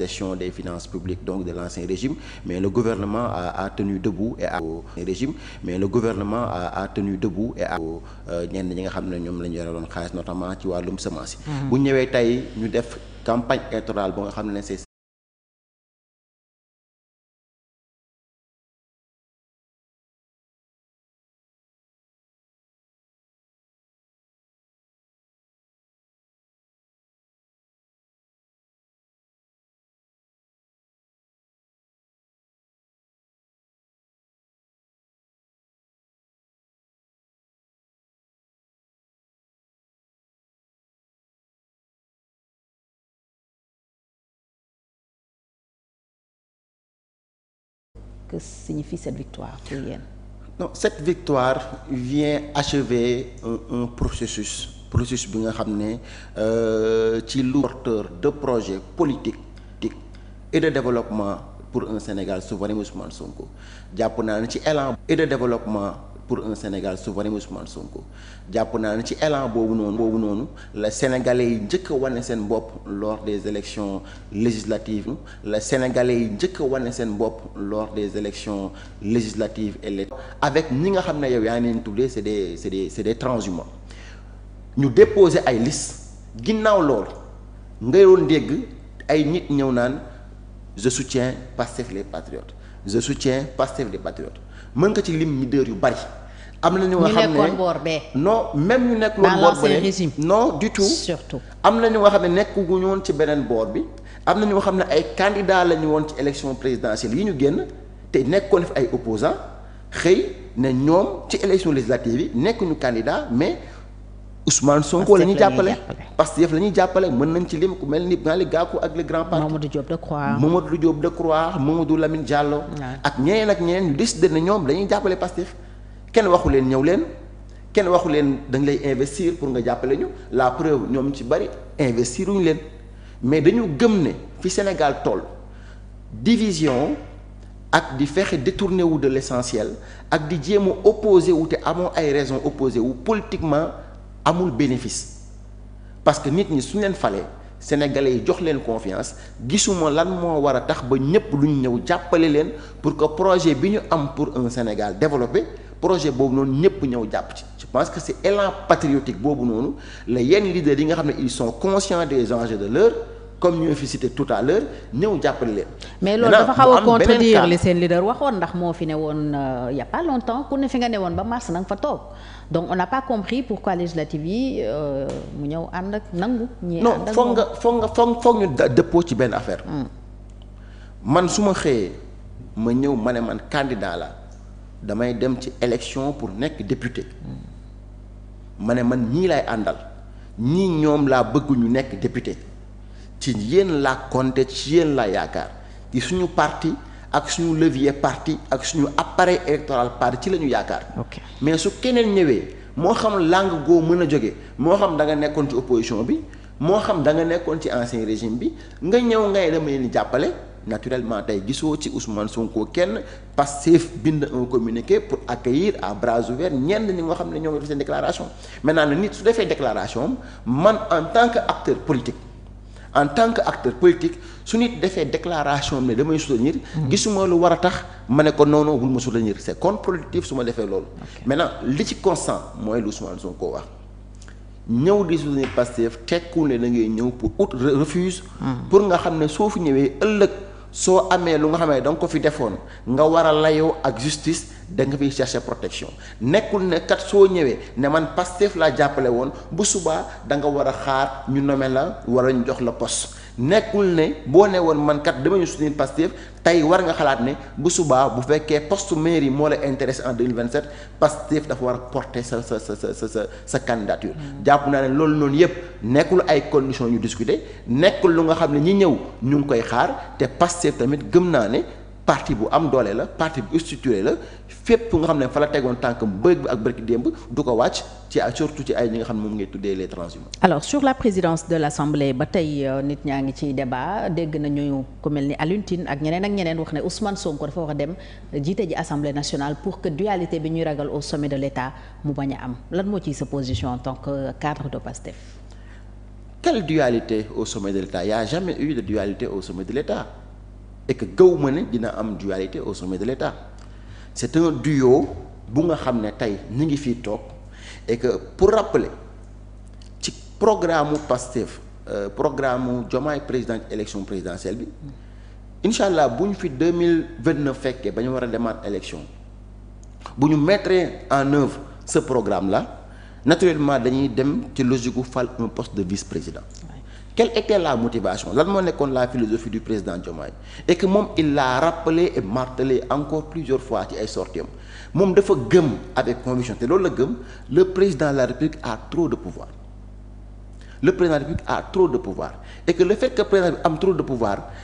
gestion des finances publiques donc de l'ancien régime mais le gouvernement a, a tenu debout et a au régime mais le gouvernement a, a tenu debout et a euh, ñenn ñi nga ñoom la ñu yoreloon xaalis notamment ci wàllum semence yi mm-hmm. bu ñëwee tey ñu def campagne électorale bu nga xam ne c'est que signifie cette victoire pour yéen non cette victoire vient achever un, euh, un processus processus bi nga xam ne euh, ci lu porteur de projet politique et de développement pour un Sénégal souverain Ousmane Sonko jàpp naa ne ci élan et de développement pour un Sénégal souverain Ousmane Sonko jàpp naa ne ci élan boobu noonu boobu noonu la sénégalais yi njëkk a seen bopp lors des élections législatives la sénégalais yi njëkk a wane seen bopp lors des élections législatives et avec ñi nga xam ne yow yaa ngi leen tuddee c'est des c'est des c'est des ñu déposer ay listes ginnaaw loolu ngay doon dégg ay nit ñëw naan je soutiens Pastef les patriotes je soutiens Pastef les patriotes mën nga ci lim leader yu bari am na ñu nga xam ne nekkoon boor bee même ñu nekk woon boor bee non du tout surtout am na ñu nga xam ne nekkuñu woon ci beneen boor bi am na ñu nga xam ne ay candidat la ñu woon ci élection présidentielle yi ñu génn te nekkoon fi ay opposant xëy ne ñoom ci élection législative yi nekkuñu candidat mais Ousmane Sonko la ñuy jàppale Pastef la ñuy jàppale mën nañ ci lim ku mel ni Malick Gakou ak le grand parti Mamadou Diop Decroix Mamadou Diop Decroix jàlloo Lamine ak ñeneen ak ñeneen ñu décidé ne ñoom la ñuy jàppale Pastef kenn waxu leen ñëw leen kenn waxu leen dañ lay investir pour nga jàppale ñu la preuve ñoom ci bari investir uñu leen mais dañu gëm ne fi Sénégal tool division ak di fexe détourné wu de l'essentiel ak di jéem a opposé wu te amoo ay raison opposé wu politiquement amul bénéfice parce que nit ñi suñ leen falee sénégalais yi jox leen confiance gisuma lan moo war a tax ba ñépp ñu ñëw jàppale leen pour que projet bi ñu am pour un Sénégal développé projet boobu noonu ñëpp ñëw jàpp ci je pense que c'est élan patriotique boobu noonu la yenn leaders yi nga xam ne ils sont conscients des enjeux de l'heure comme ñu fi cité tout à l'heure ñëw jàppale leen. mais loolu dafa xaw a contredire li seen leader waxoon ndax moo fi ne woon euh, il y a longtemps ku ne fi nga ne woon ba mars na nga fa toog donc on n'a pas compris pourquoi législative yi euh, mu ñëw ànd ak nangu. ñii ànd foog nga foog nga foog foog ñu dëppoo ci benn affaire. Hmm. man su ma xëyee ma ñëw ma ne man candidat la damay dem ci élection pour nekk député ma ne man ñii lay àndal ñii ñoom laa bëgg ñu nekk député ci yéen laa compté ci yéen laa yaakaar ci suñu parti ak suñu levier parti ak suñu appareil électoral parti ci la ñu yaakaar. mais su keneen ñëwee moo xam langue goo mën a jóge moo xam da nga nekkoon ci opposition bi moo xam danga nekkoon ci ancien régime bi nga ñëw ngay dama leen jàppale. naturellement tey gisoo ci Ousmane Sonko kenn Pastef bind un communiqué pour accueillir à bras ouverts ñenn ni nga xam ne ñoo ngi def seen déclaration naa nag nit su defee déclaration man en tant que acteur politique en tant que acteur politique su nit defee déclaration am ne damay soutenir. Hmm. gisuma lu war a tax ma ne ko noonu bul ma soutenir c'est contre-productif su ma defee loolu. maintenant li ci constant mooy lu Ousmane koo wax. ñëw di soutenir Pastef tekkul ne da ngay ñëw pour out refuse. Hmm. pour nga xam ne soo fi ñëwee ëllëg. soo amee lu nga xam ne da nga ko fi defoon nga war a layoo ak justice da nga fiy chercher protection nekkul ne kat soo ñëwee ne man Pastef laa jàppale woon bu subaa da nga war a xaar ñu nome la war a jox la post nekkul ne boo ne woon man kat dama ñu soutenir Pastef tey war nga xalaat ne bu subaa bu fekkee poste mairie moo la intéressé en 2027 Pastef dafa war porte sa sa sa sa sa sa candidature. Mm. jàpp naa ne loolu noonu yëpp nekkul ay conditions ñu discuter nekkul lu nga xam ne ñi ñëw ñu ngi koy xaar te Pastef tamit gëm naa ne. parti bu am doole la parti bu structuré la fépp fu nga xam ne fa la tegoon tànkam bëgg ak bëgg démb du ko wàcc ci surtout ci ay ñi nga xam ne moom ngee tuddee les transhumants. alors sur la présidence de l' assemblée ba tey euh, nit ñaa ngi ci débat dégg nañu ku mel ni Alioune Tine ak ñeneen ak ñeneen wax ne Ousmane Sonko dafa wax dem jiite ji assemblée nationale pour que dualité bi ñuy ragal au sommet de l' mu bañ a am lan moo ciy sa position en tant que cadre de PASTEF. quelle au sommet de l' état y' dualité au sommet de l' et que gëw ma ne dina am dualité au sommet de l'État c'est un duyo bu nga xam ne tey ñu ngi fii toog et que pour rappeler ci programme PASTEF euh, programme mu Diomaye président élection présidentielle bi incha allah bu ñu fi deux mille vingt neuf fekkee ba ñu war a demaat élection bu ñu mettre en œuvre ce programme la naturellement dañuy dem ci logique gu fal un poste de vice président. quelle était la motivation lan moo nekkoon la philosophie du président Diomaye et que moom il l'a rappelé et martelé encore plusieurs fois ci ay sorties moom dafa gëm avec conviction te loolu la gëm le président de la République a trop de pouvoir le président de la République a trop de pouvoir et que le fait que bi am trop de pouvoir